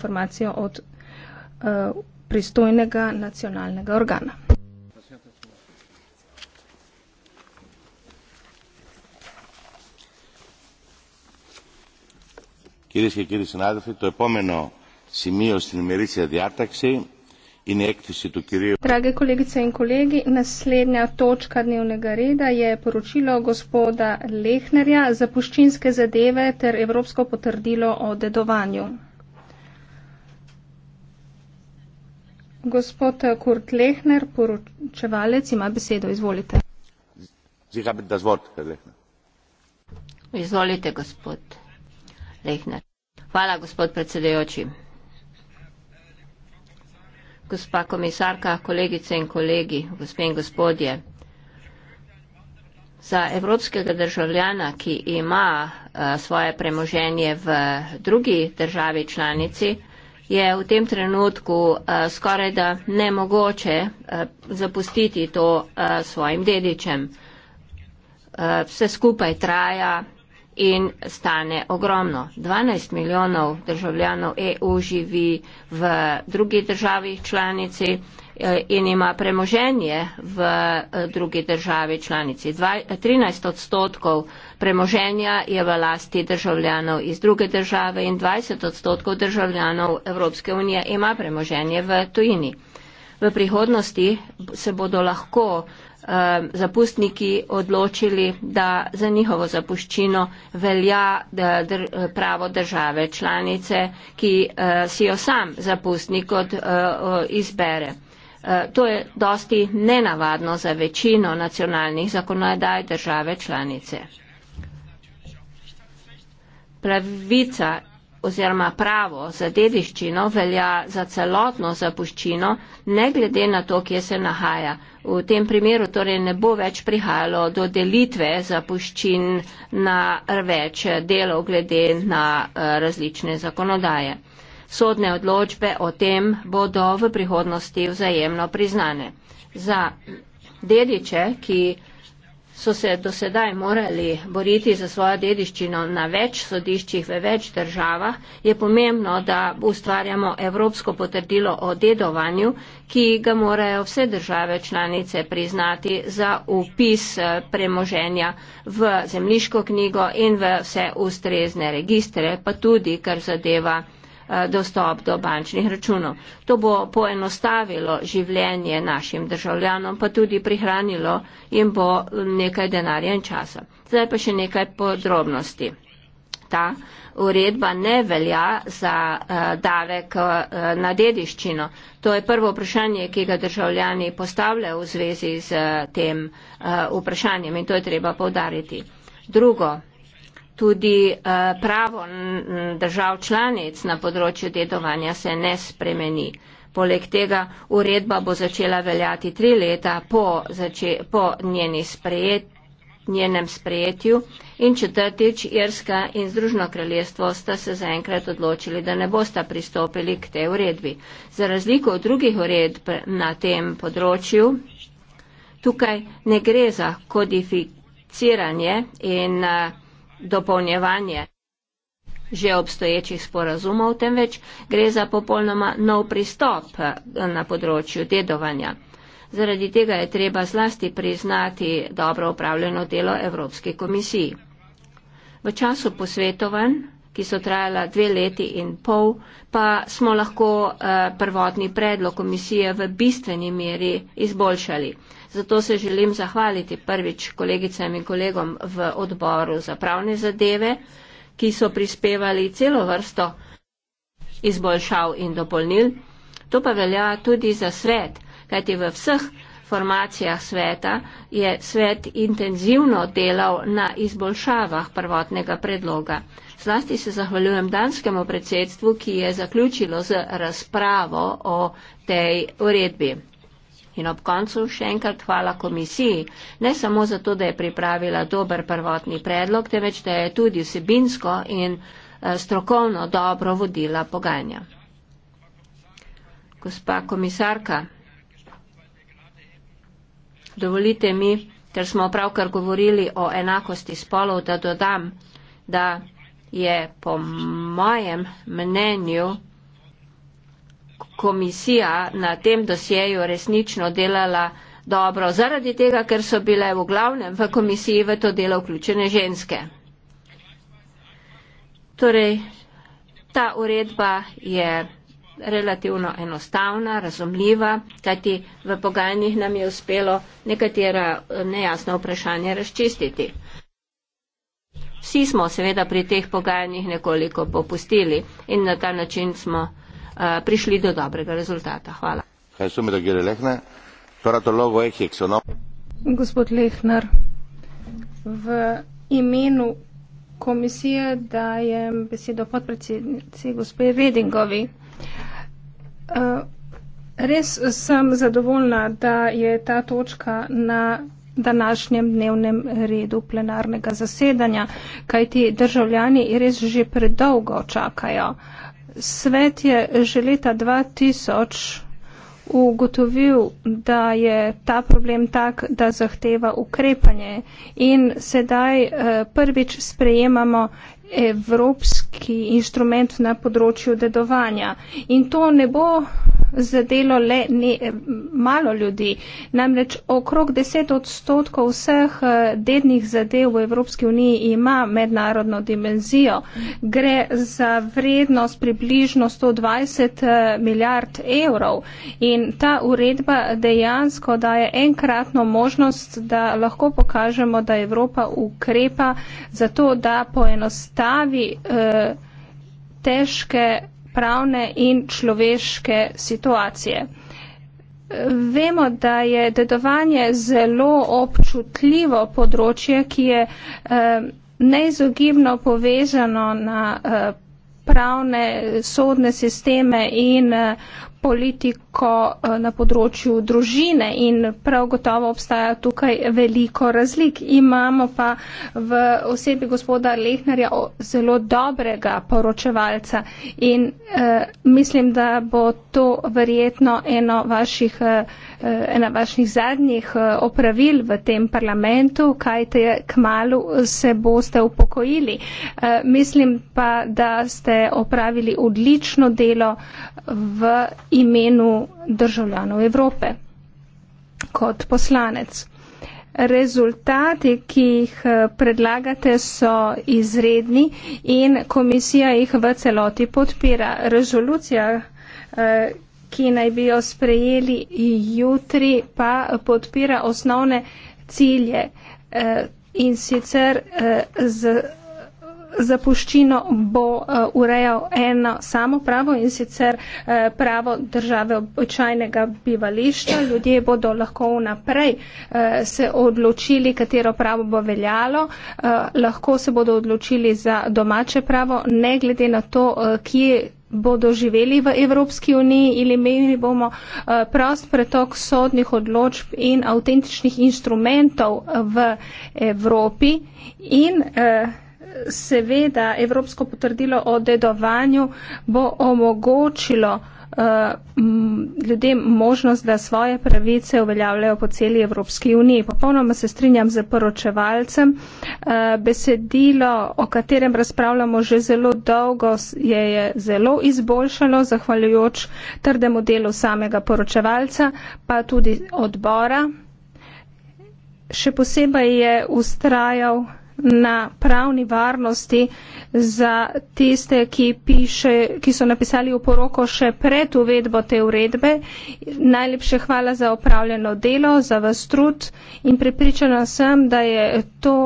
informacijo od eh, pristojnega nacionalnega organa. Κυρίε και κύριοι συνάδελφοι, το επόμενο σημείο στην ημερήσια διάταξη είναι η έκθεση του κυρίου. Δράγε κολέγγιτσα και κολέγγι, νεσλέδνια τόσκα νέουνεγα ρίδα είναι προσίλο γοσπόδα Λέχνερια για πουσκίνσκε ζεδεύε τερ ευρώπσκο ποτερδίλο ο δεδοβάνιου. Gospod Kurt Lehner, poročevalec, ima besedo. Izvolite. Sie haben das Wort, Herr Lehner. Izvolite, gospod Lehner. Hvala, gospod predsedejoči. Gospa komisarka, kolegice in kolegi, gospe in gospodje. Za evropskega državljana, ki ima uh, svoje premoženje v drugi državi članici, je v tem trenutku uh, eh, skoraj da nemogoče uh, zapustiti to uh, svojim dedičem. Uh, vse skupaj traja in stane ogromno. 12 milijonov državljanov EU živi v drugi državi članici in ima premoženje v drugi državi članici. Dva, 13 odstotkov uh, premoženja je v lasti državljanov iz druge države in 20 odstotkov državljanov Evropske unije ima premoženje v tujini. V prihodnosti se bodo lahko eh, zapustniki odločili, da za njihovo zapuščino velja pravo države članice, ki eh, si jo sam zapustnik od eh, izbere. To je dosti nenavadno za večino nacionalnih zakonodaj države članice pravica oziroma pravo za dediščino velja za celotno zapuščino, ne glede na to, kje se nahaja. V tem primeru torej ne bo več prihajalo do delitve zapuščin na več delov glede na eh, različne zakonodaje. Sodne odločbe o tem bodo v prihodnosti vzajemno priznane. Za dediče, ki so se do sedaj morali boriti za svojo dediščino na več sodiščih v več državah, je pomembno, da ustvarjamo evropsko potrdilo o dedovanju, ki ga morajo vse države članice priznati za upis eh, premoženja v zemljiško knjigo in v vse ustrezne registre, pa tudi, kar zadeva Eh, dostop do bančnih računov. To bo poenostavilo življenje našim državljanom, pa tudi prihranilo jim bo nekaj denarja in časa. Zdaj pa še nekaj podrobnosti. Ta uredba ne velja za uh, davek uh, na dediščino. To je prvo vprašanje, ki ga državljani postavljajo v zvezi z uh, tem uh, vprašanjem in to je treba povdariti. Drugo, tudi eh, pravo držav članic na področju dedovanja se ne spremeni. Poleg tega uredba bo začela veljati tri leta po, zače, po njeni sprejet, njenem sprejetju in četrtič Irska in Združno kraljestvo sta se zaenkrat odločili, da ne bosta pristopili k tej uredbi. Za razliko od drugih uredb na tem področju, tukaj ne gre za kodificiranje in uh, dopolnjevanje že obstoječih sporazumov, temveč gre za popolnoma nov pristop eh, na področju dedovanja. Zaradi tega je treba zlasti priznati dobro upravljeno delo Evropske komisiji. V času posvetovanj, ki so trajala dve leti in pol, pa smo lahko eh, prvotni predlog komisije v bistveni meri izboljšali. Zato se želim zahvaliti prvič kolegicam in kolegom v odboru za pravne zadeve, ki so prispevali celo vrsto izboljšav in dopolnil. To pa velja tudi za svet, kajti v vseh formacijah sveta je svet intenzivno delal na izboljšavah prvotnega predloga. Zlasti se zahvaljujem danskemu predsedstvu, ki je zaključilo z razpravo o tej uredbi. In ob koncu še enkrat hvala komisiji, ne samo zato, da je pripravila dober prvotni predlog, temveč da je tudi vsebinsko in eh, strokovno dobro vodila pogajanja. Gospa komisarka, dovolite mi, ker smo pravkar govorili o enakosti spolov, da dodam, da je po mojem mnenju komisija na tem dosjeju resnično delala dobro, zaradi tega, ker so bile v glavnem v komisiji v to delo vključene ženske. Torej, ta uredba je relativno enostavna, razumljiva, kajti v pogajanjih nam je uspelo nekatera eh, nejasna vprašanja razčistiti. Vsi smo seveda pri teh pogajanjih nekoliko popustili in na ta način smo Eh, prišli do dobrega rezultata. Hvala. Gospod Lehner, v imenu komisije dajem besedo podpredsednici gospe Redingovi. Eh, res sem zadovoljna, da je ta točka na današnjem dnevnem redu plenarnega zasedanja, kajti državljani res že predolgo čakajo. Uh, Svet je že leta 2000 ugotovil, da je ta problem tak, da zahteva ukrepanje in sedaj eh, prvič sprejemamo evropski instrument na področju dedovanja. In to ne bo zadelo le ne, malo ljudi. Namreč okrog 10 odstotkov vseh eh, dednih zadev v Evropski uniji ima mednarodno dimenzijo. Gre za vrednost približno 120 eh, milijard evrov in ta uredba dejansko daje enkratno možnost, da lahko pokažemo, da Evropa ukrepa za to, da poenostavlja predstavi eh, težke pravne in človeške situacije. Vemo, da je dedovanje zelo občutljivo področje, ki je eh, neizogibno povezano na eh, pravne sodne sisteme in politiko veliko eh, na področju družine in prav gotovo obstaja tukaj veliko razlik. Imamo pa v osebi gospoda Lehnerja zelo dobrega poročevalca in uh, mislim, da bo to verjetno eno vaših, uh, ena vaših zadnjih uh, opravil v tem parlamentu, kaj te kmalu se boste upokojili. Uh, mislim pa, da ste opravili odlično delo v imenu državljanov Evrope kot poslanec. Rezultati, ki jih eh, predlagate, so izredni in komisija jih v celoti podpira. Rezolucija, eh, ki naj bi jo sprejeli jutri, pa podpira osnovne cilje eh, in sicer z zapuščino bo eh, urejal eno samo pravo in sicer eh, pravo države običajnega bivališča. Ljudje bodo lahko vnaprej eh, se odločili, katero pravo bo veljalo. Lahko se bodo odločili za domače pravo, ne glede na to, kje bodo živeli v Evropski uniji ali imeli bomo prost pretok sodnih odločb in avtentičnih instrumentov v Evropi in eh, seveda Evropsko potrdilo o dedovanju bo omogočilo eh, ljudem možnost, da svoje pravice uveljavljajo po celi Evropski uniji. Popolnoma se strinjam z poročevalcem. Eh, besedilo, o katerem razpravljamo že zelo dolgo, je zelo izboljšalo, zahvaljujoč trdemu delu samega poročevalca, pa tudi odbora. Še posebej je ustrajal na pravni varnosti za tiste, ki, piše, ki so napisali v poroko še pred uvedbo te uredbe. Najlepše hvala za opravljeno delo, za vas trud in prepričana sem, da je to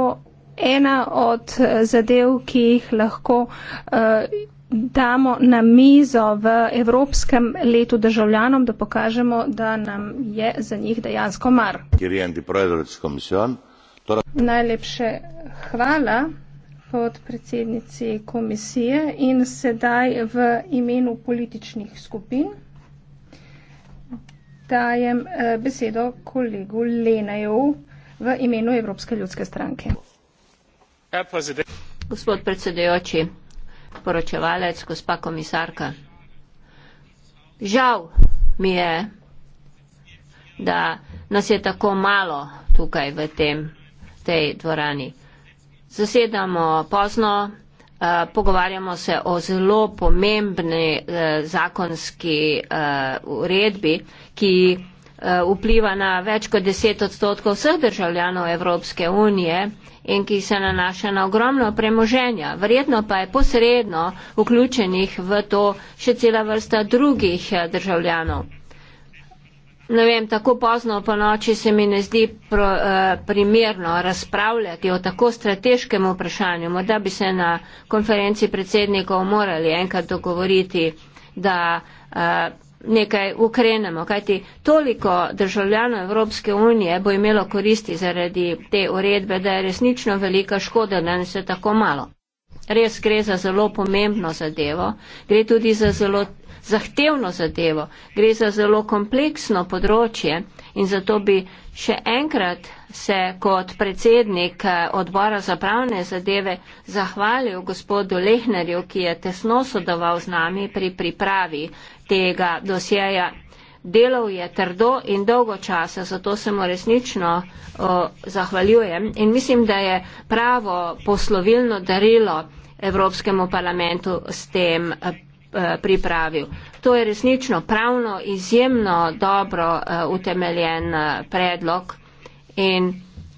ena od eh, zadev, ki jih lahko uh, damo na mizo v Evropskem letu državljanom, da pokažemo, da nam je za njih dejansko mar. Najlepše hvala podpredsednici komisije in sedaj v imenu političnih skupin dajem eh, besedo kolegu Lenaju v imenu Evropske ljudske stranke. Gospod predsedujoči, poročevalec, gospa komisarka. Žal mi je, da nas je tako malo tukaj v tem, tej dvorani zasedamo pozno, eh, pogovarjamo se o zelo pomembni eh, zakonski eh, uredbi, ki vpliva na več kot 10 odstotkov vseh državljanov Evropske unije in ki se nanaša na ogromno premoženja. Verjetno pa je posredno vključenih v to še cela vrsta drugih državljanov. Ne vem, tako pozno po noči se mi ne zdi pro, uh, primerno razpravljati o tako strateškem vprašanju. Morda bi se na konferenci predsednikov morali enkrat dogovoriti, da uh, nekaj ukrenemo. Kajti toliko državljanov Evropske unije bo imelo koristi zaradi te uredbe, da je resnično velika škoda, da ne se tako malo. Res gre za zelo pomembno zadevo. Gre tudi za zelo zahtevno zadevo, gre za zelo kompleksno področje in zato bi še enkrat se kot predsednik eh, odbora za pravne zadeve zahvalil gospodu Lehnerju, ki je tesno sodeloval z nami pri pripravi tega dosjeja. Delov je trdo in dolgo časa, zato se mu resnično o, zahvaljujem in mislim, da je pravo poslovilno darilo Evropskemu parlamentu s tem. A, eh, Eh, pripravil. To je resnično pravno izjemno dobro eh, utemeljen eh, predlog in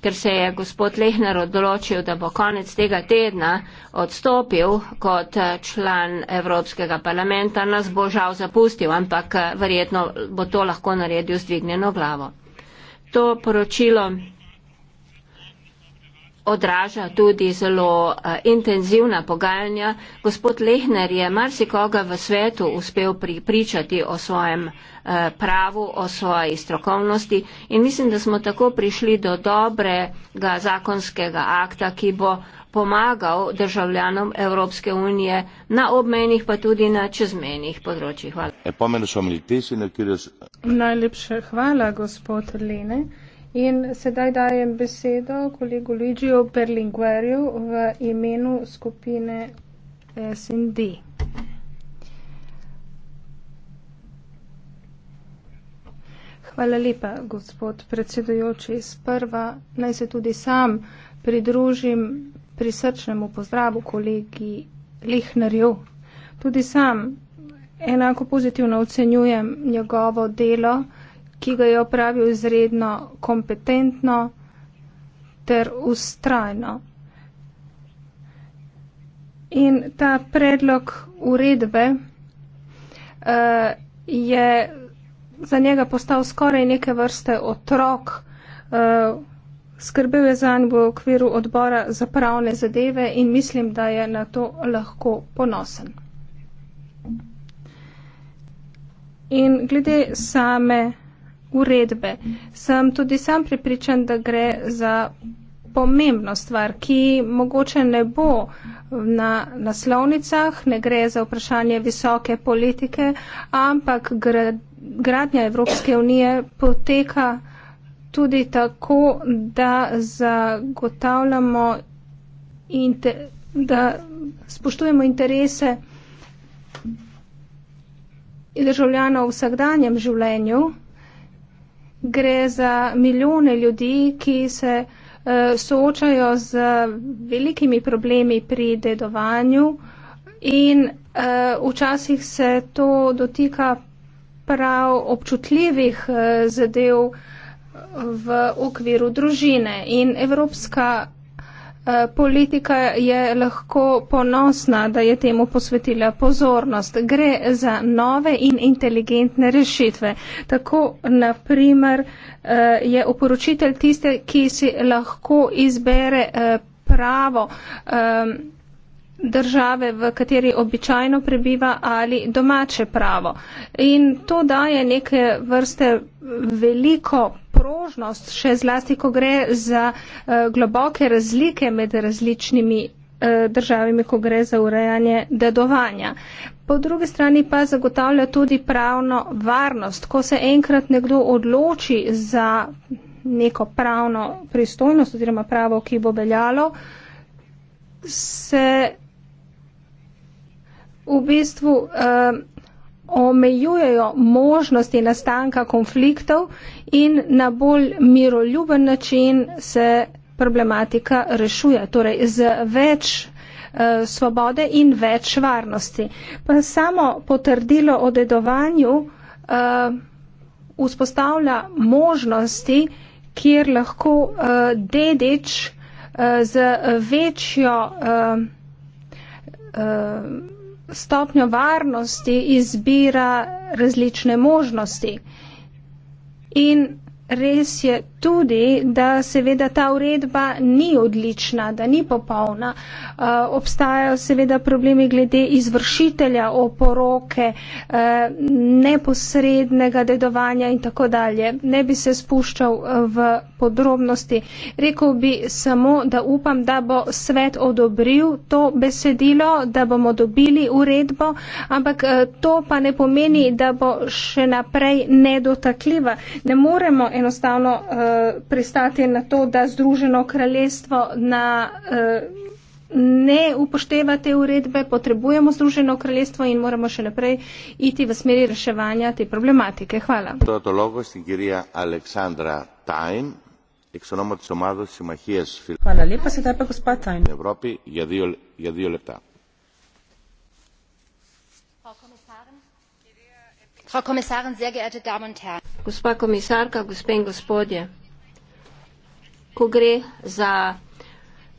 ker se je gospod Lehner odločil, da bo konec tega tedna odstopil kot član Evropskega parlamenta, nas bo žal zapustil, ampak verjetno bo to lahko naredil z dvignjeno glavo. To poročilo odraža tudi zelo eh, intenzivna pogajanja. Gospod Lehner je marsikoga v svetu uspel pripričati o svojem eh, pravu, o svoji strokovnosti in mislim, da smo tako prišli do dobrega zakonskega akta, ki bo pomagal državljanom Evropske unije na obmenih, pa tudi na čezmenih področjih. Hvala. Najlepše hvala, gospod Lene. In sedaj dajem besedo kolegu Luigiju Perlinguerju v imenu skupine SND. Hvala lepa, gospod predsedujoči. Sprva naj se tudi sam pridružim pri srčnemu pozdravu kolegi Lehnerju. Tudi sam enako pozitivno ocenjujem njegovo delo ki ga je opravil izredno kompetentno ter ustrajno. In ta predlog uredbe uh, je za njega postal skoraj neke vrste otrok, uh, skrbel je za njega v okviru odbora za pravne zadeve in mislim, da je na to lahko ponosen. In glede same uredbe. Sem tudi sam pripričan, da gre za pomembno stvar, ki mogoče ne bo na naslovnicah, ne gre za vprašanje visoke politike, ampak gradnja Evropske unije poteka tudi tako, da zagotavljamo in da spoštujemo interese državljanov v vsakdanjem življenju gre za milijone ljudi, ki se eh, soočajo z velikimi problemi pri dedovanju in eh, včasih se to dotika prav občutljivih eh, zadev v okviru družine. In Evropska Eh, politika je lahko ponosna, da je temu posvetila pozornost. Gre za nove in inteligentne rešitve. Tako, na primer, eh, je oporočitelj tiste, ki si lahko izbere eh, pravo države, v kateri običajno prebiva ali domače pravo. In to daje neke vrste veliko prožnost, še zlasti, ko gre za uh, globoke razlike med različnimi uh, državami, ko gre za urejanje dedovanja. Po drugi strani pa zagotavlja tudi pravno varnost. Ko se enkrat nekdo odloči za neko pravno pristojnost oziroma pravo, ki bo veljalo, se v bistvu. Uh, omejujejo možnosti nastanka konfliktov in na bolj miroljuben način se problematika rešuje, torej z več eh, svobode in več varnosti. Pa samo potrdilo o dedovanju uh, vzpostavlja možnosti, kjer lahko uh, dedič uh, z večjo uh, uh, stopnjo varnosti izbira različne možnosti. In res je tudi, da seveda ta uredba ni odlična, da ni popolna. Eh, obstajajo seveda problemi glede izvršitelja oporoke, eh, neposrednega dedovanja in tako dalje. Ne bi se spuščal eh, v podrobnosti. Rekl bi samo, da upam, da bo svet odobril to besedilo, da bomo dobili uredbo, ampak to pa ne pomeni, da bo še naprej nedotakljiva. Ne moremo enostavno uh, pristati na to, da Združeno kraljestvo na, uh, ne upošteva te uredbe, potrebujemo Združeno kraljestvo in moramo še naprej iti v smeri reševanja te problematike. Hvala. Hvala lepa, sedaj pa gospod Tajn. Evropi, jadijo, jadijo frau kommissarin sehr geehrte damen und herren! gospa komisarka gospe in gospodje ko gre za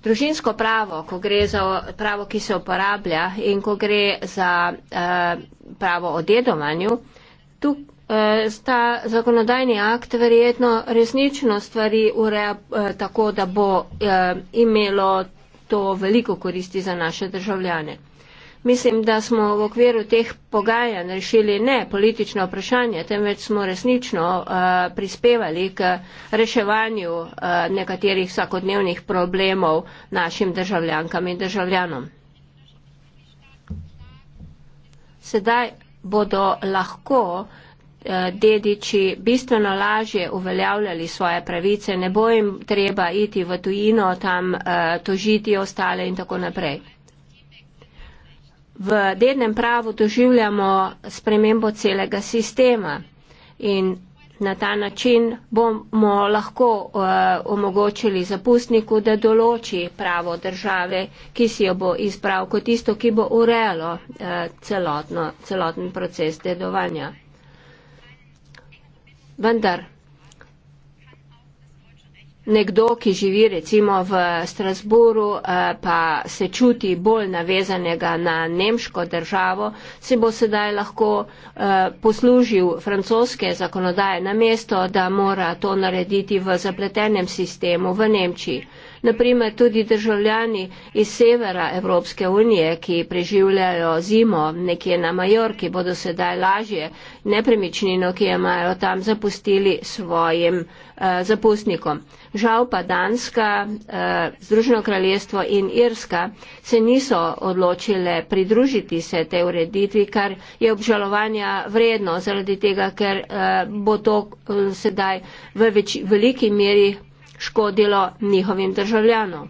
družinsko pravo ko gre za pravo ki se uporablja in ko gre za eh, pravo o dedovanju tu eh, ta zakonodajni akt verjetno resnično stvari ureja eh, tako da bo eh, imelo to veliko koristi za naše državljane. Mislim, da smo v okviru teh pogajanj rešili ne politično vprašanje, temveč smo resnično uh, prispevali k reševanju uh, nekaterih vsakodnevnih problemov našim državljankam in državljanom. Sedaj bodo lahko eh, dediči bistveno lažje uveljavljali svoje pravice, ne bo jim treba iti v tujino, tam uh, tožiti ostale in tako naprej v dednem pravu doživljamo spremembo celega sistema in na ta način bomo lahko uh, omogočili zapustniku, da določi pravo države, ki si jo bo izbral kot isto, ki bo urejalo uh, celotno, celoten proces dedovanja. Vendar nekdo, ki živi recimo v Strasburu, eh, pa se čuti bolj navezanega na nemško državo, se bo sedaj lahko eh, poslužil francoske zakonodaje na mesto, da mora to narediti v zapletenem sistemu v Nemčiji naprimer tudi državljani iz severa Evropske unije, ki preživljajo zimo nekje na Majorki, bodo sedaj lažje nepremičnino, ki jo imajo tam, zapustili svojim eh, zapustnikom. Žal pa Danska, eh, Združeno kraljestvo in Irska se niso odločile pridružiti se tej ureditvi, kar je obžalovanja vredno zaradi tega, ker eh, bo to eh, sedaj v več, veliki meri škodilo njihovim državljanom.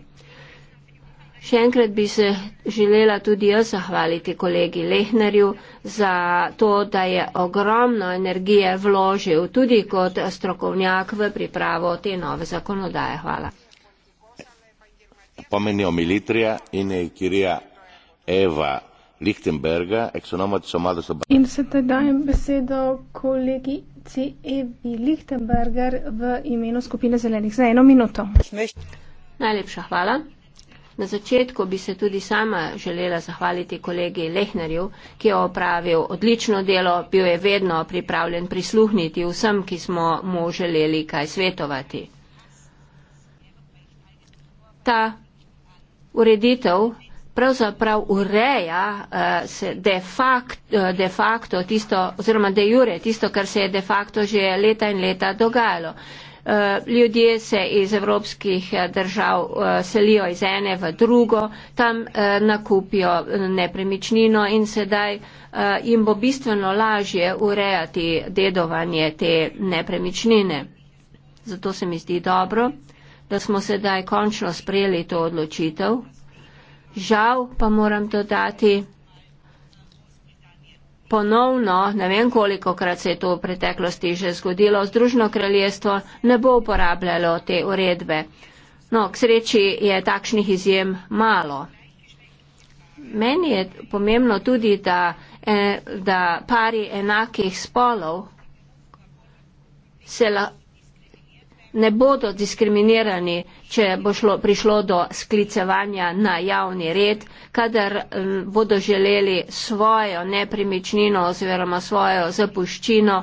Še enkrat bi se želela tudi jaz zahvaliti kolegi Lehnerju za to, da je ogromno energije vložil tudi kot strokovnjak v pripravo te nove zakonodaje. Hvala. Pomeni omilitrija in je kirija Eva Lichtenberga, ex nomad somado soba. In sedaj dajem besedo kolegi Evi Lichtenberger v imenu skupine zelenih za eno minuto. Najlepša hvala. Na začetku bi se tudi sama želela zahvaliti kolegi Lehnerju, ki je opravil odlično delo, bil je vedno pripravljen prisluhniti vsem, ki smo mu želeli kaj svetovati. Ta ureditev pravzaprav ureja uh, de, fact, eh, de facto tisto, oziroma de jure tisto, kar se je de facto že leta in leta dogajalo. Eh, ljudje se iz evropskih držav selijo iz ene v drugo, tam nakupijo nepremičnino in sedaj jim bo bistveno lažje urejati dedovanje te nepremičnine. Zato se mi zdi dobro, da smo sedaj končno sprejeli to odločitev, žal pa moram dodati ponovno, ne vem koliko krat se je to v preteklosti že zgodilo, Združno kraljestvo ne bo uporabljalo te uredbe. No, k sreči je takšnih izjem malo. Meni je pomembno tudi, da, e, da pari enakih spolov se lahko ne bodo diskriminirani, če bo šlo, prišlo do sklicevanja na javni red, kadar um, bodo želeli svojo nepremičnino oziroma svojo zapuščino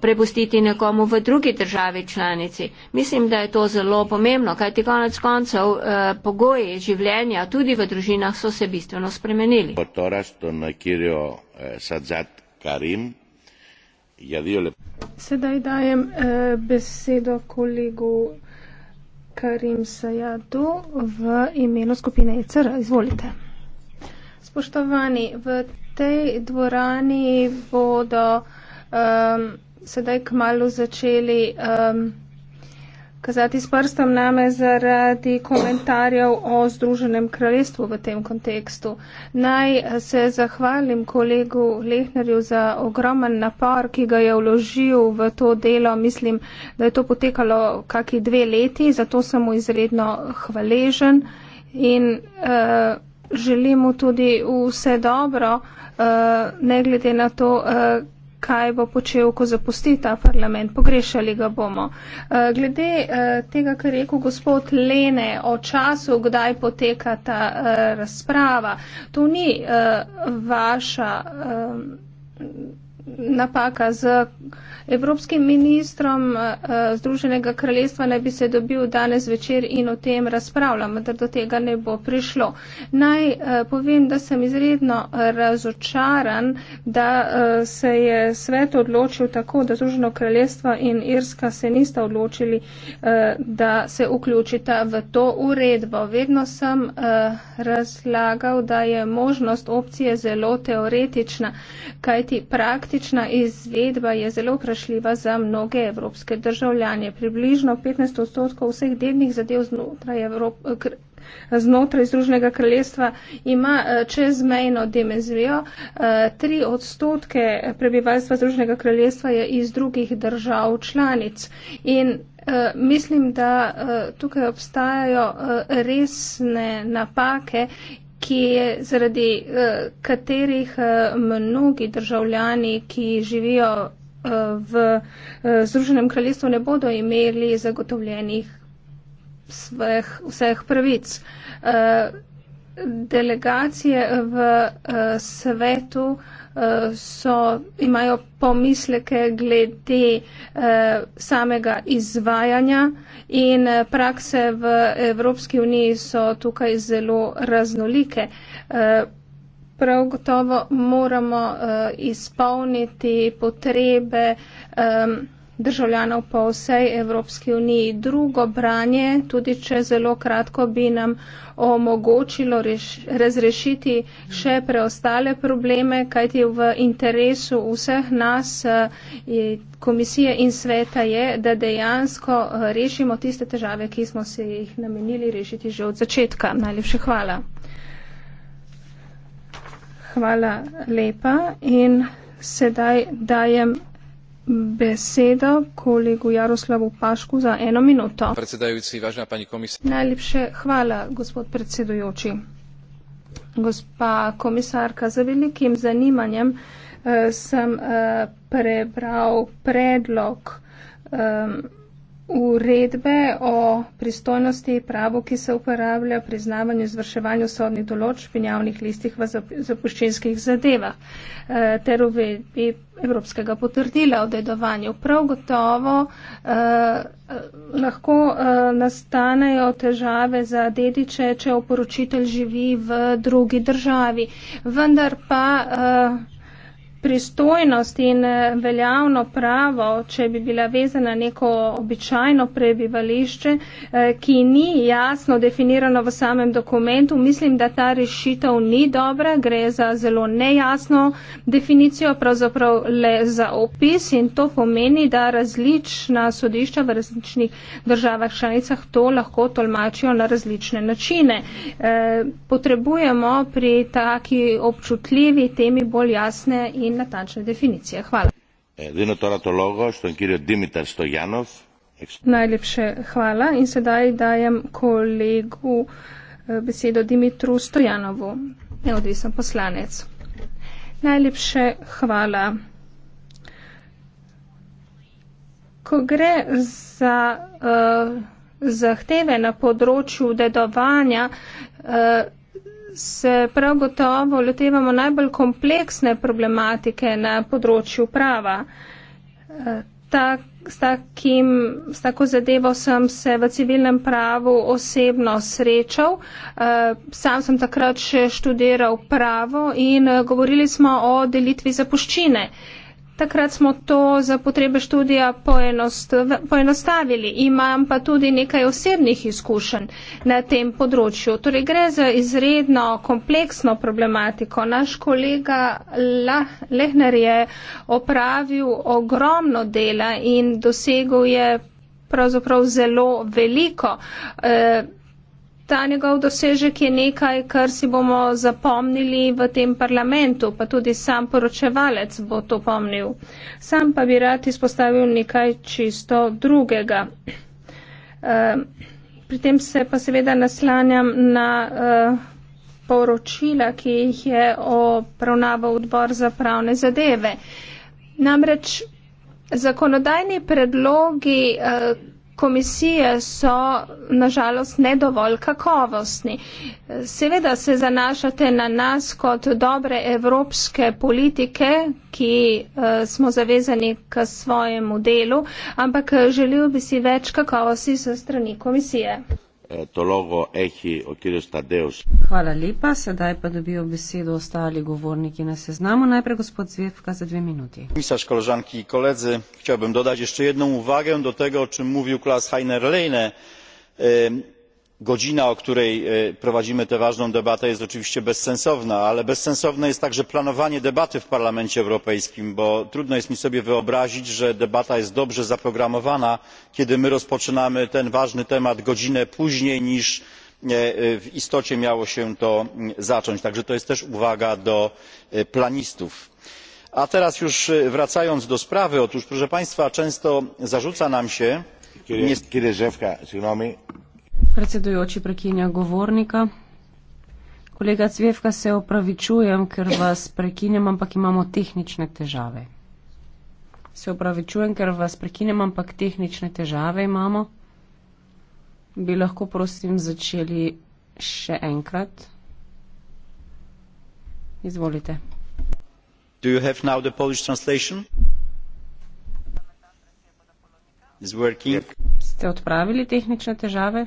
prepustiti nekomu v drugi državi članici. Mislim, da je to zelo pomembno, kajti konec koncev eh, pogoji življenja tudi v družinah so se bistveno spremenili. Potorast, to, na kirjo, eh, sadzat, Karim. Ja, Sedaj dajem eh, besedo kolegu Karim Sajadu v imenu skupine ECR. Izvolite. Spoštovani, v tej dvorani bodo eh, sedaj k malu začeli. Eh, kazati s prstom name zaradi komentarjev o Združenem kraljestvu v tem kontekstu. Naj eh, se zahvalim kolegu Lehnerju za ogromen napor, ki ga je vložil v to delo. Mislim, da je to potekalo kaki dve leti, zato sem mu izredno hvaležen in uh, želim mu tudi vse dobro, uh, ne glede na to, uh, kaj bo počel, ko zapusti ta parlament. Pogrešali ga bomo. Eh, glede eh, tega, kar je rekel gospod Lene o času, kdaj poteka ta eh, razprava, to ni vaša napaka. Z evropskim ministrom eh, Združenega kraljestva ne bi se dobil danes večer in o tem razpravljam, da do tega ne bo prišlo. Naj eh, povem, da sem izredno razočaran, da eh, se je svet odločil tako, da Združeno kraljestvo in Irska se nista odločili, da se vključita v to uredbo. Vedno sem razlagal, da je možnost opcije zelo teoretična, kajti praktična praktična izvedba je zelo vprašljiva za mnoge evropske državljanje. Približno 15 odstotkov vseh dednih zadev znotraj Evrope znotraj Združenega kraljestva ima eh, čezmejno dimenzijo. Eh, tri odstotke prebivalstva Združenega kraljestva je iz drugih držav članic. In eh, mislim, da tukaj obstajajo resne napake ki je zaradi uh, katerih uh, mnogi državljani, ki živijo uh, v uh, Združenem kraljestvu, ne bodo imeli zagotovljenih sveh, vseh pravic. Uh, delegacije v uh, svetu uh, so, imajo pomisleke glede eh, samega izvajanja in eh, prakse v Evropski uniji so tukaj zelo raznolike. Eh, prav gotovo moramo izpolniti potrebe državljanov po vsej Evropski uniji. Drugo branje, tudi če zelo kratko, bi nam omogočilo reš, razrešiti še preostale probleme, kajti v interesu vseh nas, eh, komisije in sveta je, da dejansko eh, rešimo tiste težave, ki smo se jih namenili rešiti že od začetka. Najlepše hvala. Hvala lepa in sedaj dajem besedo kolegu Jaroslavu Pašku za eno minuto. Predsedajoči, važna pani komisarka. Najlepše hvala, gospod predsedujoči. Gospa komisarka, za velikim zanimanjem eh, sem eh, prebral predlog. Eh, uredbe o pristojnosti pravo, ki se uporablja pri znavanju izvrševanju sodnih določb in javnih listih v zapuščinskih zadevah eh, ter uvedbi evropskega potrdila o dedovanju. Prav gotovo eh, lahko eh, nastanejo težave za dediče, če oporočitelj živi v drugi državi. Vendar pa. Eh, pristojnost in eh, veljavno pravo, če bi bila vezana na neko običajno prebivališče, eh, ki ni jasno definirano v samem dokumentu, mislim, da ta rešitev ni dobra, gre za zelo nejasno definicijo, pravzaprav le za opis in to pomeni, da različna sodišča v različnih državah članicah to lahko tolmačijo na različne načine. Eh, potrebujemo pri taki občutljivi temi bolj jasne in in natančne definicije. Hvala. Edino eh, toratologo, štankirjo Dimitar Stojanov. Najlepše hvala in sedaj dajem kolegu eh, besedo Dimitru Stojanovu, neodvisen poslanec. Najlepše hvala. Ko gre za uh, zahteve na področju dedovanja, uh, se prav gotovo lotevamo najbolj kompleksne problematike na področju prava. Eh, ta, s, takim, s tako zadevo sem se v civilnem pravu osebno srečal. Eh, sam sem takrat še študiral pravo in eh, govorili smo o delitvi zapuščine takrat smo to za potrebe študija poenostavili. Imam pa tudi nekaj osebnih izkušenj na tem področju. Torej gre za izredno kompleksno problematiko. Naš kolega Lehner je opravil ogromno dela in dosegel je pravzaprav zelo veliko. Eh, ta njegov dosežek je nekaj, kar si bomo zapomnili v tem parlamentu, pa tudi sam poročevalec bo to pomnil. Sam pa bi rad izpostavil nekaj čisto drugega. Ehm, pri tem se pa seveda naslanjam na eh, poročila, ki jih je opravnaval odbor za pravne zadeve. Namreč zakonodajni predlogi, eh, komisije so nažalost nedovolj kakovostni. Seveda se zanašate na nas kot dobre evropske politike, ki uh, smo zavezani k svojemu delu, ampak eh, želil bi si več kakovosti so strani komisije. Eh, to logo ehi od Kirjus Tadeus. Hvala lepa. Sedaj pa dobijo besedo ostali govorniki na seznamu. Najprej gospod Zvetka za dve minuti. Komisarz, koleżanki i koledzy, chciałbym dodać jeszcze jedną uwagę do tego, o czym mówił Klaas Heiner Leine godzina o której e, prowadzimy tę ważną debatę jest oczywiście bezsensowna ale bezsensowne jest także planowanie debaty w parlamencie europejskim bo trudno jest mi sobie wyobrazić że debata jest dobrze zaprogramowana kiedy my rozpoczynamy ten ważny temat godzinę później niż e, e, w istocie miało się to zacząć także to jest też uwaga do planistów. a teraz już wracając do sprawy otóż proszę państwa często zarzuca nam się predsedujoči prekinja govornika. Kolega Cvjevka, se opravičujem, ker vas prekinjam, ampak imamo tehnične težave. Se opravičujem, ker vas prekinjam, ampak tehnične težave imamo. Bi lahko, prosim, začeli še enkrat? Izvolite. Do you have now the Polish translation? Is working. Ste odpravili tehnične težave?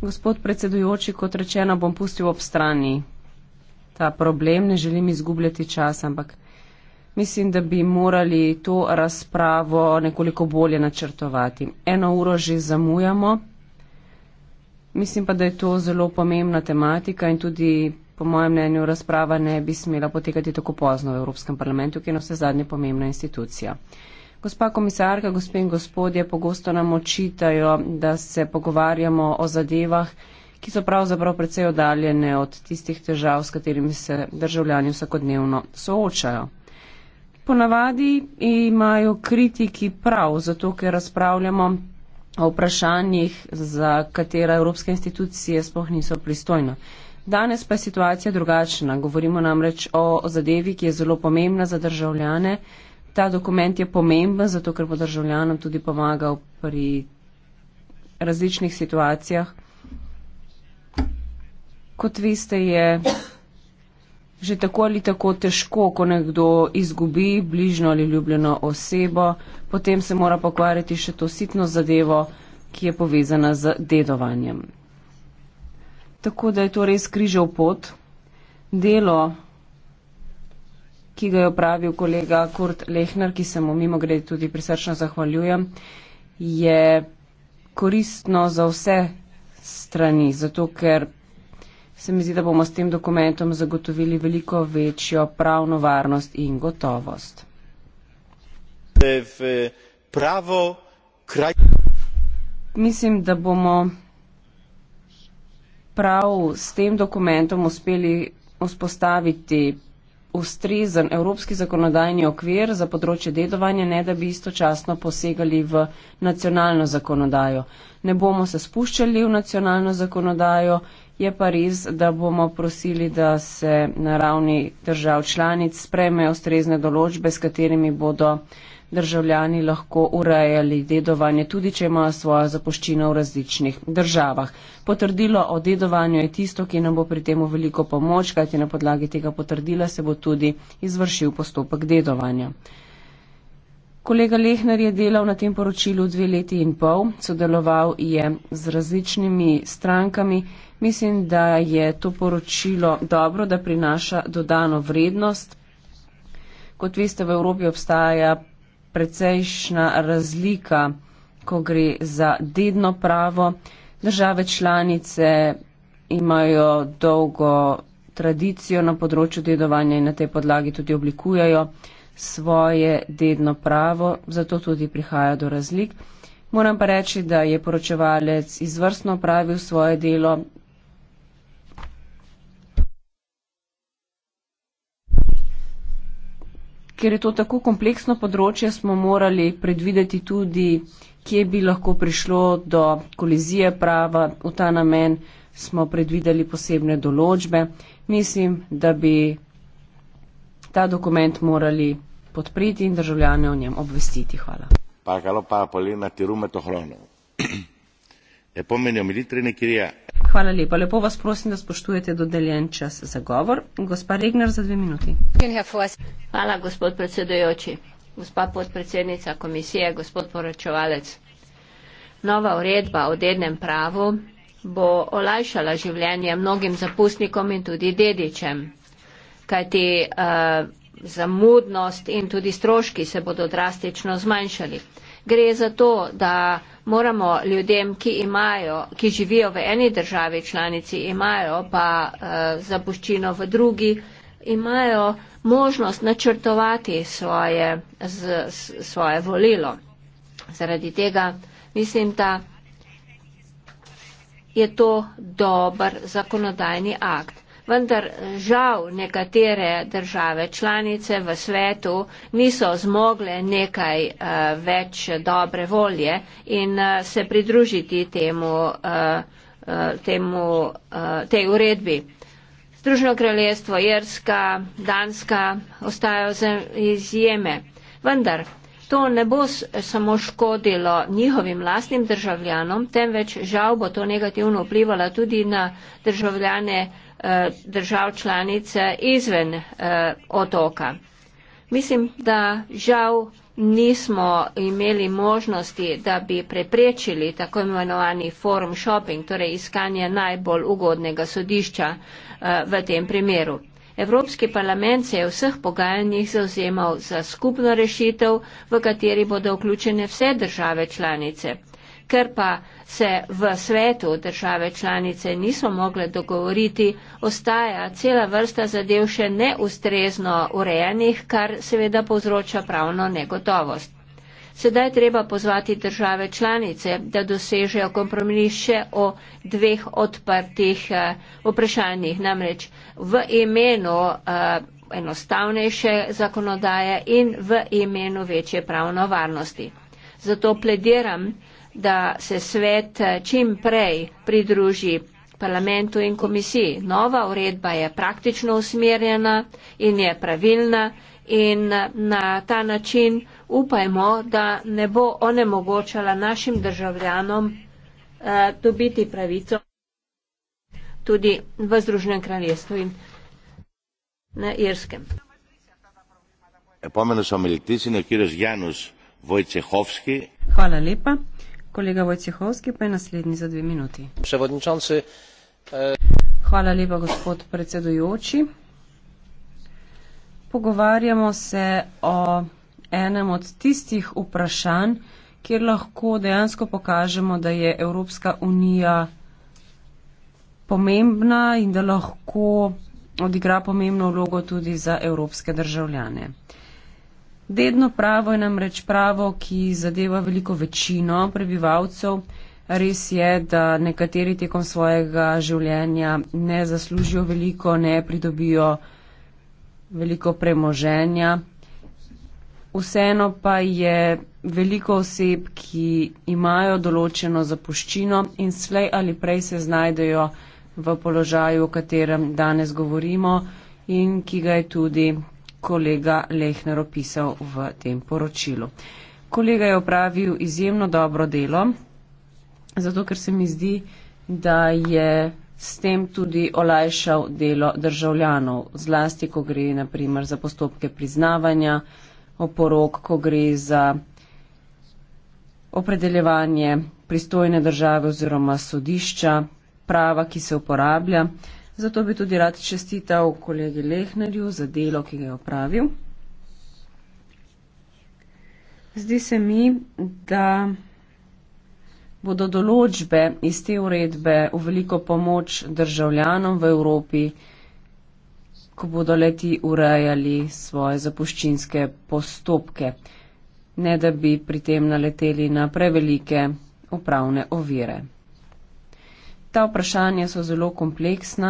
Gospod predsedujoči, kot rečeno, bom pustil ob strani ta problem, ne želim izgubljati čas, ampak mislim, da bi morali to razpravo nekoliko bolje načrtovati. Eno uro že zamujamo, mislim pa, da je to zelo pomembna tematika in tudi, po mojem mnenju, razprava ne bi smela potekati tako pozno v Evropskem parlamentu, ki je na vse zadnje pomembna institucija. Gospa komisarka, gospe in gospodje, pogosto nam očitajo, da se pogovarjamo o zadevah, ki so pravzaprav precej oddaljene od tistih težav, s katerimi se državljani vsakodnevno soočajo. Ponavadi imajo kritiki prav, zato ker razpravljamo o vprašanjih, za katera evropske institucije spoh niso pristojne. Danes pa je situacija drugačna. Govorimo namreč o zadevi, ki je zelo pomembna za državljane ta dokument je pomemben, zato ker bo državljanom tudi pomagal pri različnih situacijah. Kot veste, je že tako ali tako težko, ko nekdo izgubi bližno ali ljubljeno osebo, potem se mora pokvariti še to sitno zadevo, ki je povezana z dedovanjem. Tako da je to res križev pot. Delo ki ga je opravil kolega Kurt Lehner, ki se mu mimo grede tudi prisrčno zahvaljujem, je koristno za vse strani, zato ker se mi zdi, da bomo s tem dokumentom zagotovili veliko večjo pravno varnost in gotovost. Kraj... Mislim, da bomo prav s tem dokumentom uspeli vzpostaviti ustrezen evropski zakonodajni okvir za področje dedovanja, ne da bi istočasno posegali v nacionalno zakonodajo. Ne bomo se spuščali v nacionalno zakonodajo, je pa res, da bomo prosili, da se na ravni držav članic spreme ustrezne določbe, s katerimi bodo državljani lahko urejali dedovanje, tudi če imajo svojo zapoščino v različnih državah. Potrdilo o dedovanju je tisto, ki nam bo pri tem veliko pomoč, kajti na podlagi tega potrdila se bo tudi izvršil postopek dedovanja. Kolega Lehner je delal na tem poročilu dve leti in pol, sodeloval je z različnimi strankami. Mislim, da je to poročilo dobro, da prinaša dodano vrednost. Kot veste, v Evropi obstaja precejšna razlika, ko gre za dedno pravo. Države članice imajo dolgo tradicijo na področju dedovanja in na tej podlagi tudi oblikujejo svoje dedno pravo, zato tudi prihaja do razlik. Moram pa reči, da je poročevalec izvrstno opravil svoje delo, ker je to tako kompleksno področje, smo morali predvideti tudi, kje bi lahko prišlo do kolizije prava. V ta namen smo predvideli posebne določbe. Mislim, da bi ta dokument morali podpreti in državljane o njem obvestiti. Hvala. Pa, galo, pa, polina, hvala lepa. Lepo vas prosim, da spoštujete dodeljen čas za govor. Gospa Regner za dve minuti. Hvala, gospod predsedujoči. Gospa podpredsednica komisije, gospod poročevalec. Nova uredba o dednem pravu bo olajšala življenje mnogim zapustnikom in tudi dedičem, kajti uh, zamudnost in tudi stroški se bodo drastično zmanjšali gre za to, da moramo ljudem, ki imajo, ki živijo v eni državi članici, imajo pa uh, zapuščino v drugi, imajo možnost načrtovati svoje, z, svoje volilo. Zaradi tega mislim, da je to dober zakonodajni akt vendar žal nekatere države članice v svetu niso zmogle nekaj uh, več dobre volje in uh, se pridružiti temu, uh, uh, temu, uh, tej uredbi. Združeno kraljestvo, Jerska, Danska ostajajo za izjeme. Vendar to ne bo samo škodilo njihovim lastnim državljanom, temveč žal bo to negativno vplivalo tudi na državljane Eh, držav članice izven eh, otoka. Mislim, da žal nismo imeli možnosti, da bi preprečili tako imenovani forum shopping, torej iskanje najbolj ugodnega sodišča eh, v tem primeru. Evropski parlament se je v vseh pogajanjih zauzemal za skupno rešitev, v kateri bodo vključene vse države članice. Ker pa se v svetu države članice niso mogle dogovoriti, ostaja cela vrsta zadev še neustrezno urejenih, kar seveda povzroča pravno negotovost. Sedaj treba pozvati države članice, da dosežejo kompromisše o dveh odprtih eh, vprašanjih, namreč v imenu eh, enostavnejše zakonodaje in v imenu večje pravno varnosti. Zato plediram, da se svet eh, čim prej pridruži parlamentu in komisiji. Nova uredba je praktično usmerjena in je pravilna in eh, na ta način upajmo, da ne bo onemogočala našim državljanom uh, dobiti pravico tudi v Združenem kraljestvu in na Irskem. Hvala lepa kolega Wojciechowski pa je naslednji za dve minuti. Prevodničanci. E, Hvala lepa, gospod predsedujoči. Pogovarjamo se o enem od tistih vprašanj, kjer lahko dejansko pokažemo, da je Evropska unija pomembna in da lahko odigra pomembno vlogo tudi za evropske državljane. Dedno pravo je namreč pravo, ki zadeva veliko večino prebivalcev. Res je, da nekateri tekom svojega življenja ne zaslužijo veliko, ne pridobijo veliko premoženja. Vseeno pa je veliko oseb, ki imajo določeno zapuščino in slej ali prej se znajdejo v položaju, o katerem danes govorimo in ki ga je tudi kolega Lehner opisal v tem poročilu. Kolega je opravil izjemno dobro delo, zato ker se mi zdi, da je s tem tudi olajšal delo državljanov, zlasti, ko gre naprimer za postopke priznavanja, oporok, ko gre za opredeljevanje pristojne države oziroma sodišča, prava, ki se uporablja. Zato bi tudi rad čestital kolegi Lehnerju za delo, ki ga je opravil. Zdi se mi, da bodo določbe iz te uredbe v veliko pomoč državljanom v Evropi, ko bodo leti urejali svoje zapuščinske postopke, ne da bi pri tem naleteli na prevelike upravne ovire ta vprašanja so zelo kompleksna,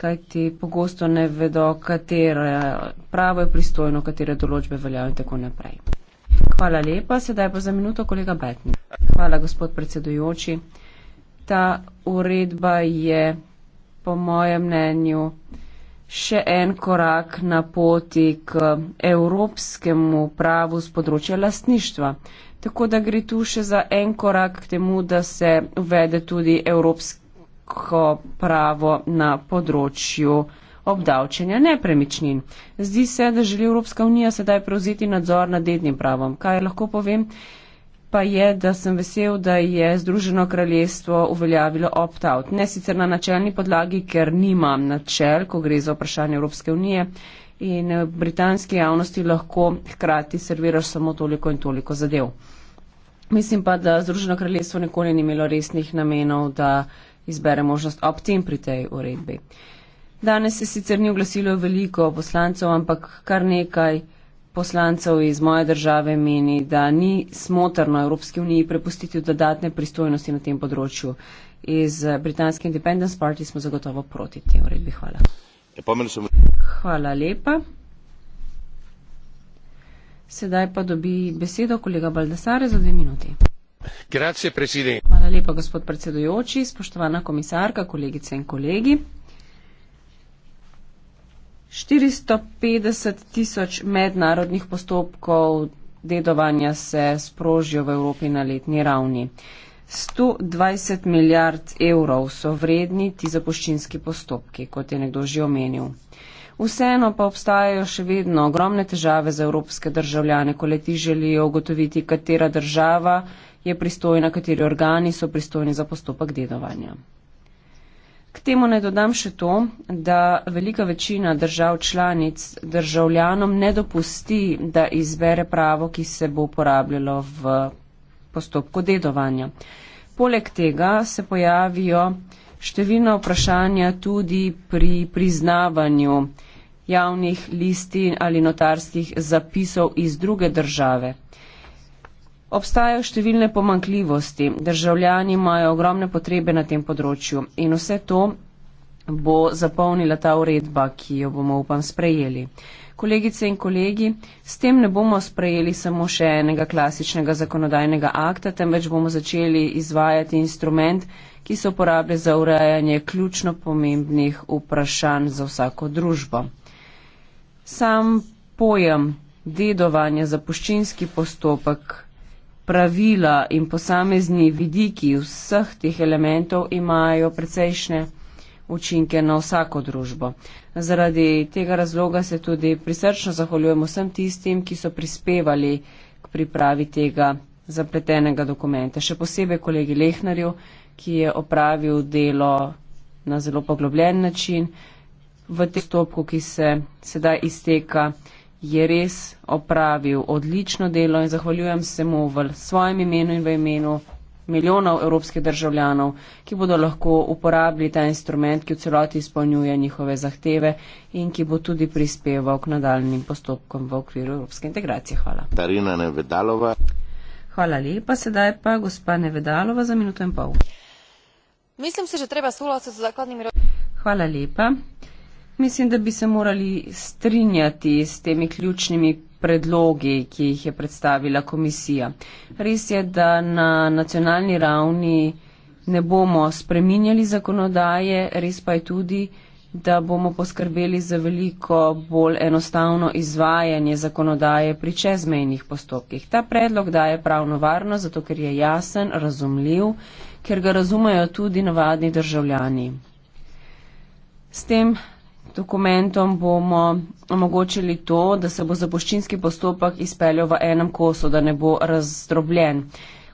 kajti pogosto ne vedo, katera pravo je pristojno, katere določbe veljajo in tako naprej. Hvala lepa, sedaj pa za minuto kolega Betn. Hvala, gospod predsedujoči. Ta uredba je po mojem mnenju še en korak na poti k evropskemu pravu z področja lastništva. Tako da gre tu še za en korak k temu, da se uvede tudi evropsko pravo na področju obdavčenja nepremičnin. Zdi se, da želi Evropska unija sedaj prevzeti nadzor nad dednim pravom. Kaj lahko povem? pa je, da sem vesel, da je Združeno kraljestvo uveljavilo opt-out. Ne sicer na načelni podlagi, ker nimam načel, ko gre za vprašanje Evropske unije in eh, britanski javnosti lahko hkrati serviraš samo toliko in toliko zadev. Mislim pa, da Združeno kraljestvo nikoli ni imelo resnih namenov, da izbere možnost opt-in pri tej uredbi. Danes se sicer ni oglasilo veliko poslancev, ampak kar nekaj poslancev iz moje države meni, da ni smotrno Evropski uniji prepustiti dodatne pristojnosti na tem področju. Iz eh, Britanske Independence Party smo zagotovo proti tem uredbi. Hvala. Ja, Hvala lepa. Sedaj pa dobi besedo kolega Baldasare za dve minuti. Hvala lepa, gospod predsedujoči, spoštovana komisarka, kolegice in kolegi. 450 tisoč mednarodnih postopkov dedovanja se sprožijo v Evropi na letni ravni. 120 milijard evrov so vredni ti zapuščinski postopki, kot je nekdo že omenil. Vseeno pa obstajajo še vedno ogromne težave za evropske državljane, ko leti želijo ugotoviti, katera država je pristojna, kateri organi so pristojni za postopek dedovanja. K temu naj dodam še to, da velika večina držav članic državljanom ne dopusti, da izbere pravo, ki se bo uporabljalo v postopku dedovanja. Poleg tega se pojavijo številna vprašanja tudi pri priznavanju javnih listin ali notarskih zapisov iz druge države. Obstajajo številne pomankljivosti, državljani imajo ogromne potrebe na tem področju in vse to bo zapolnila ta uredba, ki jo bomo upam sprejeli. Kolegice in kolegi, s tem ne bomo sprejeli samo še enega klasičnega zakonodajnega akta, temveč bomo začeli izvajati instrument, ki se uporablja za urejanje ključno pomembnih vprašanj za vsako družbo. Sam pojem dedovanja za poščinski postopek pravila in posamezni vidiki vseh teh elementov imajo precejšne učinke na vsako družbo. Zaradi tega razloga se tudi prisrčno zahvaljujemo vsem tistim, ki so prispevali k pripravi tega zapletenega dokumenta. Še posebej kolegi Lehnerju, ki je opravil delo na zelo poglobljen način v tem postopku, ki se sedaj izteka je res opravil odlično delo in zahvaljujem se mu v svojem imenu in v imenu milijonov evropskih državljanov, ki bodo lahko uporabili ta instrument, ki v celoti izpolnjuje njihove zahteve in ki bo tudi prispeval k nadaljnim postopkom v okviru evropske integracije. Hvala. Darina Nevedalova. Hvala lepa, sedaj pa gospa Nevedalova za minuto in pol. Mislim se, da treba sodelovati z zakladnimi. Hvala lepa. Mislim, da bi se morali strinjati s temi ključnimi predlogi, ki jih je predstavila komisija. Res je, da na nacionalni ravni ne bomo spreminjali zakonodaje, res pa je tudi, da bomo poskrbeli za veliko bolj enostavno izvajanje zakonodaje pri čezmejnih postopkih. Ta predlog daje pravno varnost, zato ker je jasen, razumljiv, ker ga razumejo tudi navadni državljani. S tem dokumentom bomo omogočili to, da se bo zapuščinski postopek izpeljal v enem kosu, da ne bo razdrobljen.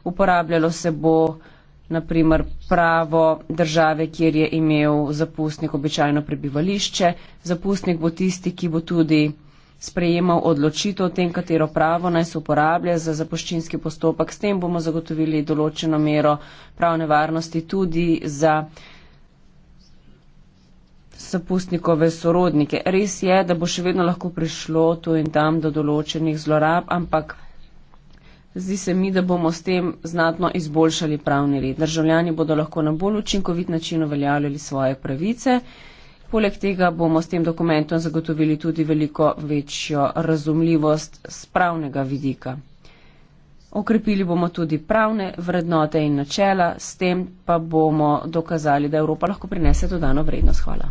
Uporabljalo se bo naprimer pravo države, kjer je imel zapustnik običajno prebivališče. Zapustnik bo tisti, ki bo tudi sprejemal odločitev o tem, katero pravo naj se uporablja za zapuščinski postopek. S tem bomo zagotovili določeno mero pravne varnosti tudi za zapustnikove sorodnike. Res je, da bo še vedno lahko prišlo tu in tam do določenih zlorab, ampak zdi se mi, da bomo s tem znatno izboljšali pravni red. Državljani bodo lahko na bolj učinkovit način uveljavljali svoje pravice. Poleg tega bomo s tem dokumentom zagotovili tudi veliko večjo razumljivost z pravnega vidika. Okrepili bomo tudi pravne vrednote in načela, s tem pa bomo dokazali, da Evropa lahko prinese dodano vrednost. Hvala.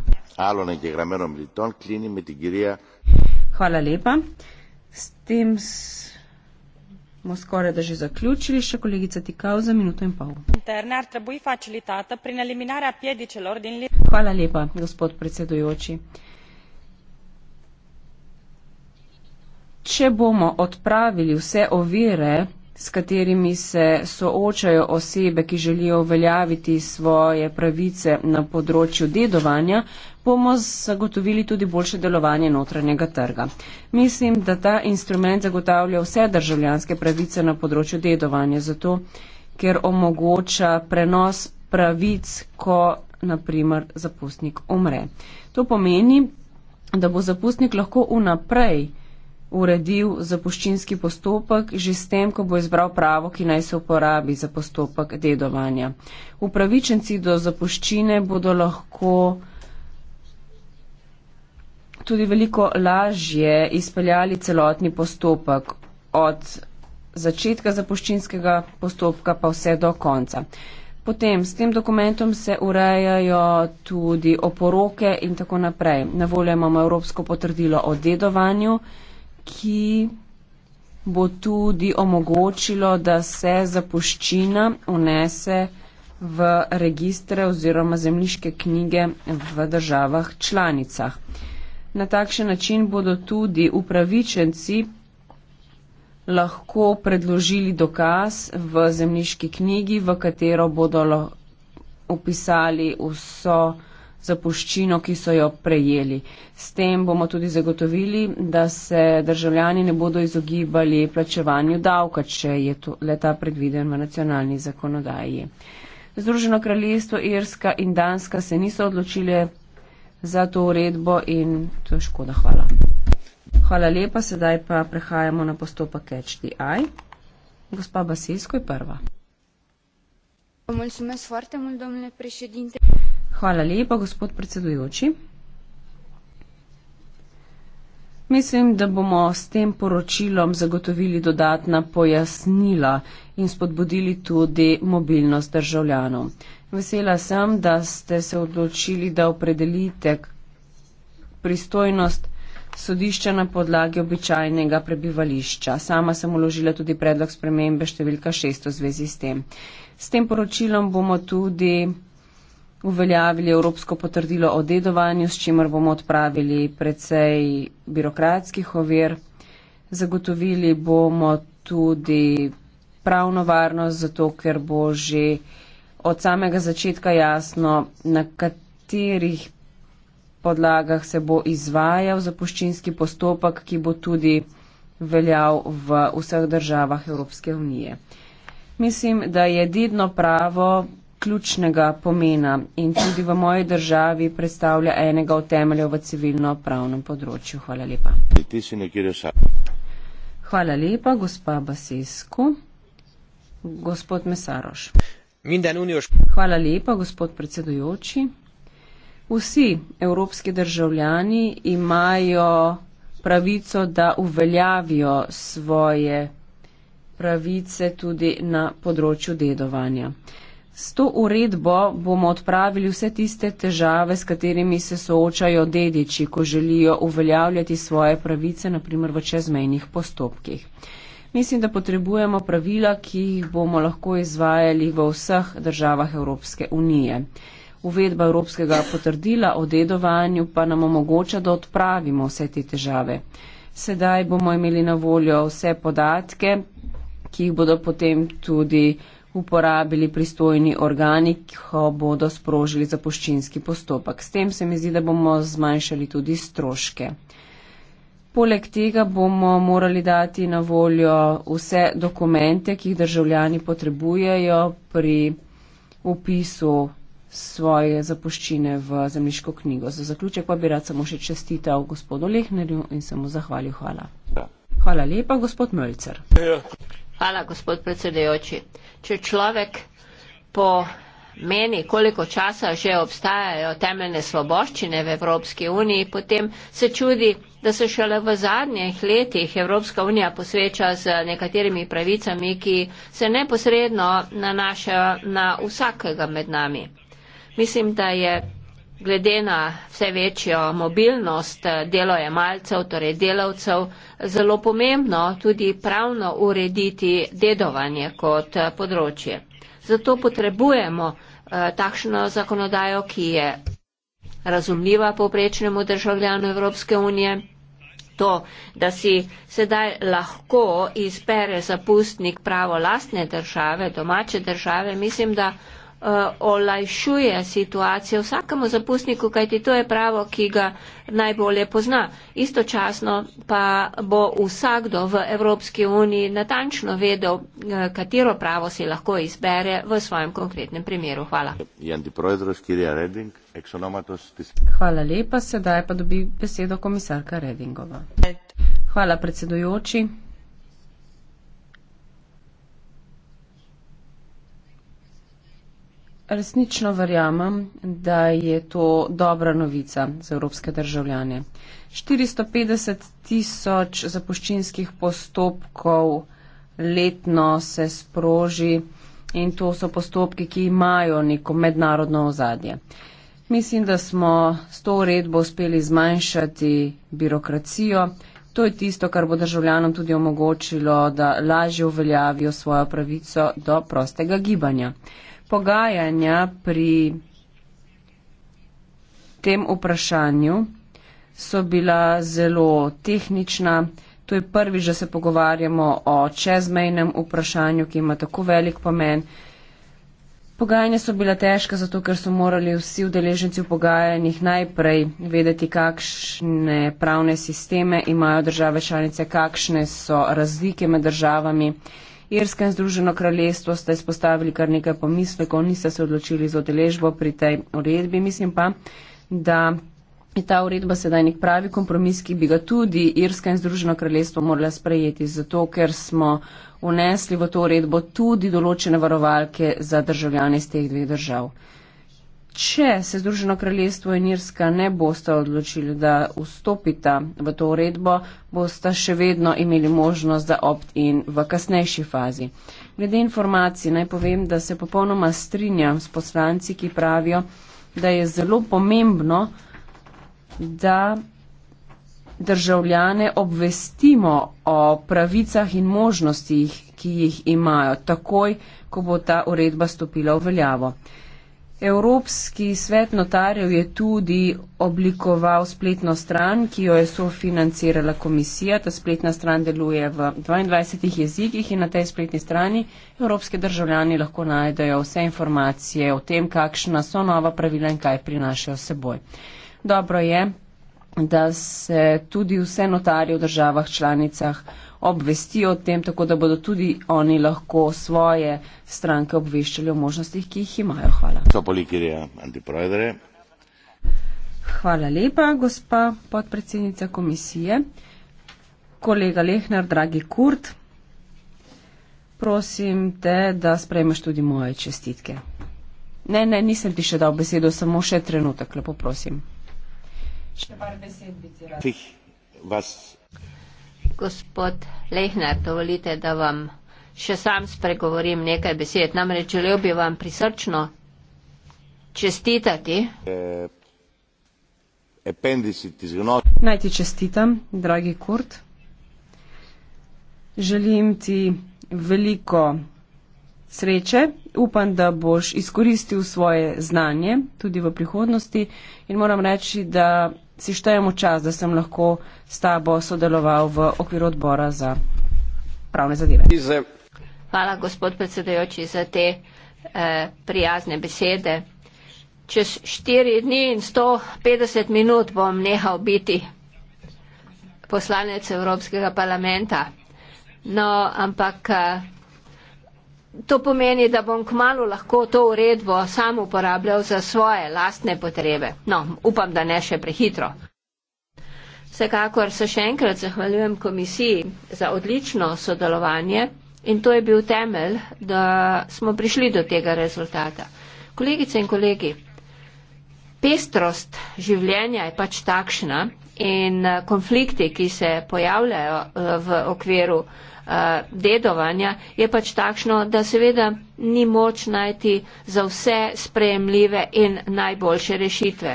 Hvala lepa. S tem smo skoraj da že zaključili. Še kolegica Tikal za minuto in pol. Hvala lepa, gospod predsedujoči. Če bomo odpravili vse ovire, s katerimi se soočajo osebe, ki želijo uveljaviti svoje pravice na področju dedovanja, bomo zagotovili tudi boljše delovanje notranjega trga. Mislim, da ta instrument zagotavlja vse državljanske pravice na področju dedovanja, zato ker omogoča prenos pravic, ko naprimer zapustnik umre. To pomeni, da bo zapustnik lahko vnaprej uredil zapuščinski postopek že s tem, ko bo izbral pravo, ki naj se uporabi za postopek dedovanja. Upravičenci do zapuščine bodo lahko tudi veliko lažje izpeljali celotni postopek od začetka zapuščinskega postopka pa vse do konca. Potem s tem dokumentom se urejajo tudi oporoke in tako naprej. Na voljo imamo Evropsko potrdilo o dedovanju ki bo tudi omogočilo, da se zapuščina unese v registre oziroma zemljiške knjige v državah članicah. Na takšen način bodo tudi upravičenci lahko predložili dokaz v zemljiški knjigi, v katero bodo upisali vso zapuščino, ki so jo prejeli. S tem bomo tudi zagotovili, da se državljani ne bodo izogibali plačevanju davka, če je to leta predviden v nacionalni zakonodaji. Združeno kraljestvo Irska in Danska se niso odločile za to uredbo in to je škoda. Hvala. Hvala lepa, sedaj pa prehajamo na postopek HDI. Gospa Basilsko je prva. Hvala lepa, gospod predsedujoči. Mislim, da bomo s tem poročilom zagotovili dodatna pojasnila in spodbudili tudi mobilnost državljanov. Vesela sem, da ste se odločili, da opredelite pristojnost sodišča na podlagi običajnega prebivališča. Sama sem uložila tudi predlog spremembe številka šest v zvezi s tem. S tem poročilom bomo tudi uveljavili Evropsko potrdilo o dedovanju, s čimer bomo odpravili precej birokratskih ovir. Zagotovili bomo tudi pravno varnost, zato ker bo že od samega začetka jasno, na katerih podlagah se bo izvajal zapuščinski postopek, ki bo tudi veljal v vseh državah Evropske unije. Mislim, da je dedno pravo ključnega pomena in tudi v moji državi predstavlja enega od temeljev v civilno-pravnem področju. Hvala lepa. Hvala lepa, gospa Basesku. Gospod Mesaroš. Hvala lepa, gospod predsedujoči. Vsi evropski državljani imajo pravico, da uveljavijo svoje pravice tudi na področju dedovanja. S to uredbo bomo odpravili vse tiste težave, s katerimi se soočajo dediči, ko želijo uveljavljati svoje pravice, naprimer v čezmejnih postopkih. Mislim, da potrebujemo pravila, ki jih bomo lahko izvajali v vseh državah Evropske unije. Uvedba Evropskega potrdila o dedovanju pa nam omogoča, da odpravimo vse te težave. Sedaj bomo imeli na voljo vse podatke, ki jih bodo potem tudi uporabili pristojni organi, ki jo bodo sprožili za poščinski postopek. S tem se mi zdi, da bomo zmanjšali tudi stroške. Poleg tega bomo morali dati na voljo vse dokumente, ki jih državljani potrebujejo pri upisu svoje zapuščine v zemljiško knjigo. Za zaključek pa bi rad samo še čestital gospodu Lehnerju in se mu zahvalil. Hvala. Ja. Hvala lepa, gospod Mölcer. Ja. Hvala, gospod predsedujoči. Če človek po meni, koliko časa že obstajajo temeljne sloboščine v Evropski uniji, potem se čudi, da se šele v zadnjih letih Evropska unija posveča z nekaterimi pravicami, ki se neposredno nanašajo na vsakega med nami. Mislim, da je Glede na vse večjo mobilnost eh, delojemalcev, torej delavcev, zelo pomembno tudi pravno urediti dedovanje kot eh, področje. Zato potrebujemo eh, takšno zakonodajo, ki je razumljiva povprečnemu državljanu Evropske unije. To, da si sedaj lahko izbere zapustnik pravo lastne države, domače države, mislim, da Eh, olajšuje situacijo vsakemu zapustniku, kajti to je pravo, ki ga najbolje pozna. Istočasno pa bo vsakdo v Evropski uniji natančno vedel, eh, katero pravo si lahko izbere v svojem konkretnem primeru. Hvala. Hvala lepa, sedaj pa dobi besedo komisarka Redingova. Hvala predsedujoči. Resnično verjamem, da je to dobra novica za evropske državljane. 450 tisoč zapuščinskih postopkov letno se sproži in to so postopki, ki imajo neko mednarodno ozadje. Mislim, da smo s to uredbo uspeli zmanjšati birokracijo. To je tisto, kar bo državljanom tudi omogočilo, da lažje uveljavijo svojo pravico do prostega gibanja pogajanja pri tem vprašanju so bila zelo tehnična. To je prvi, že se pogovarjamo o čezmejnem vprašanju, ki ima tako velik pomen. Pogajanja so bila težka, zato ker so morali vsi udeleženci v pogajanjih najprej vedeti, kakšne pravne sisteme imajo države članice, kakšne so razlike med državami Irska in Združeno kraljestvo sta izpostavili kar nekaj pomislekov, nista se odločili za odeležbo pri tej uredbi. Mislim pa, da je ta uredba sedaj nek pravi kompromis, ki bi ga tudi Irska in Združeno kraljestvo morala sprejeti, zato ker smo vnesli v to uredbo tudi določene varovalke za državljane iz teh dveh držav. Če se Združeno kraljestvo in Irska ne boste odločili, da vstopita v to uredbo, boste še vedno imeli možnost za opt-in v kasnejši fazi. Glede informacij naj povem, da se popolnoma strinjam s poslanci, ki pravijo, da je zelo pomembno, da državljane obvestimo o pravicah in možnostih, ki jih imajo takoj, ko bo ta uredba stopila v veljavo. Evropski svet notarjev je tudi oblikoval spletno stran, ki jo je sofinancirala komisija. Ta spletna stran deluje v 22 jezikih in na tej spletni strani evropske državljani lahko najdejo vse informacije o tem, kakšna so nova pravila in kaj prinašajo s seboj. Dobro je, da se tudi vse notarje v državah članicah obvesti o tem, tako da bodo tudi oni lahko svoje stranke obveščali o možnostih, ki jih imajo. Hvala. Hvala lepa, gospa podpredsednica komisije. Kolega Lehner, dragi Kurt, prosim te, da sprejmeš tudi moje čestitke. Ne, ne, nisem ti še dal besedo, samo še trenutek, lepo prosim. Še par besed bi ti rad. Vas gospod Lehner, dovolite, da vam še sam spregovorim nekaj besed. Namreč želel bi vam prisrčno čestitati. Eh, Naj ti čestitam, dragi Kurt. Želim ti veliko sreče. Upam, da boš izkoristil svoje znanje tudi v prihodnosti in moram reči, da si štejemo čas, da sem lahko s tabo sodeloval v okviru odbora za pravne zadeve. Hvala, gospod predsedajoči, za te eh, prijazne besede. Čez štiri dni in 150 minut bom nehal biti poslanec Evropskega parlamenta. No, ampak. Eh, To pomeni, da bom kmalo lahko to uredbo sam uporabljal za svoje lastne potrebe. No, upam, da ne še prehitro. Vsekakor se še enkrat zahvaljujem komisiji za odlično sodelovanje in to je bil temelj, da smo prišli do tega rezultata. Kolegice in kolegi, pestrost življenja je pač takšna in eh, konflikti, ki se pojavljajo eh, v okviru uh, dedovanja, je pač takšno, da seveda ni moč najti za vse sprejemljive in najboljše rešitve.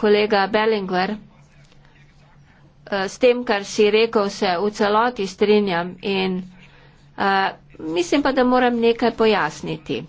Kolega Bellinger, uh, s tem, kar si rekel, se v celoti strinjam in uh, mislim pa, da moram nekaj pojasniti.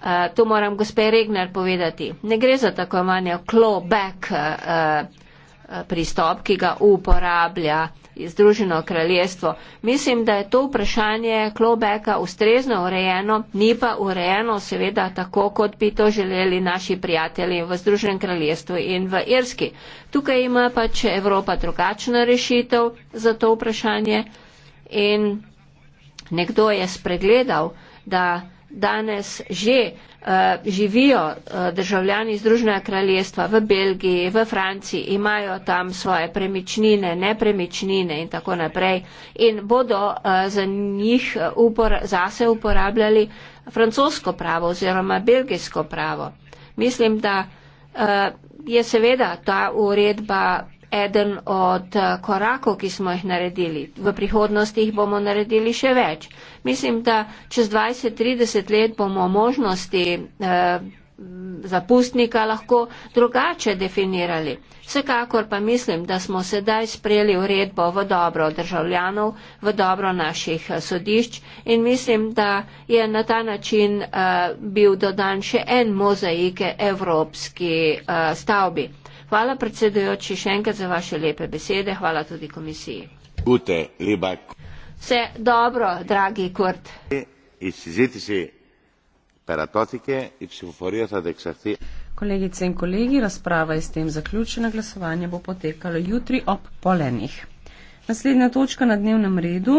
Uh, to moram gospe Regner povedati. Ne gre za tako imenjo clawback uh, uh, pristop, ki ga uporablja uh, Združeno kraljestvo. Mislim, da je to vprašanje Klobeka ustrezno urejeno, ni pa urejeno seveda tako, kot bi to želeli naši prijatelji v Združenem kraljestvu in v Irski. Tukaj ima pač Evropa drugačna rešitev za to vprašanje in nekdo je spregledal, da danes že uh, živijo uh, državljani Združenega kraljestva v Belgiji, v Franciji, imajo tam svoje premičnine, nepremičnine in tako naprej in bodo uh, za njih upor, zase uporabljali francosko pravo oziroma belgijsko pravo. Mislim, da uh, je seveda ta uredba eden od eh, korakov, ki smo jih naredili. V prihodnosti jih bomo naredili še več. Mislim, da čez 20-30 let bomo možnosti eh, zapustnika lahko drugače definirali. Vsekakor pa mislim, da smo sedaj sprejeli uredbo v dobro državljanov, v dobro naših eh, sodišč in mislim, da je na ta način uh, bil dodan še en mozaike evropski uh, stavbi. Hvala predsedujoči še enkrat za vaše lepe besede, hvala tudi komisiji. Ute, liba. Vse dobro, dragi Kurt. E Kolegice in kolegi, razprava je s tem zaključena, glasovanje bo potekalo jutri ob polenih. Naslednja točka na dnevnem redu.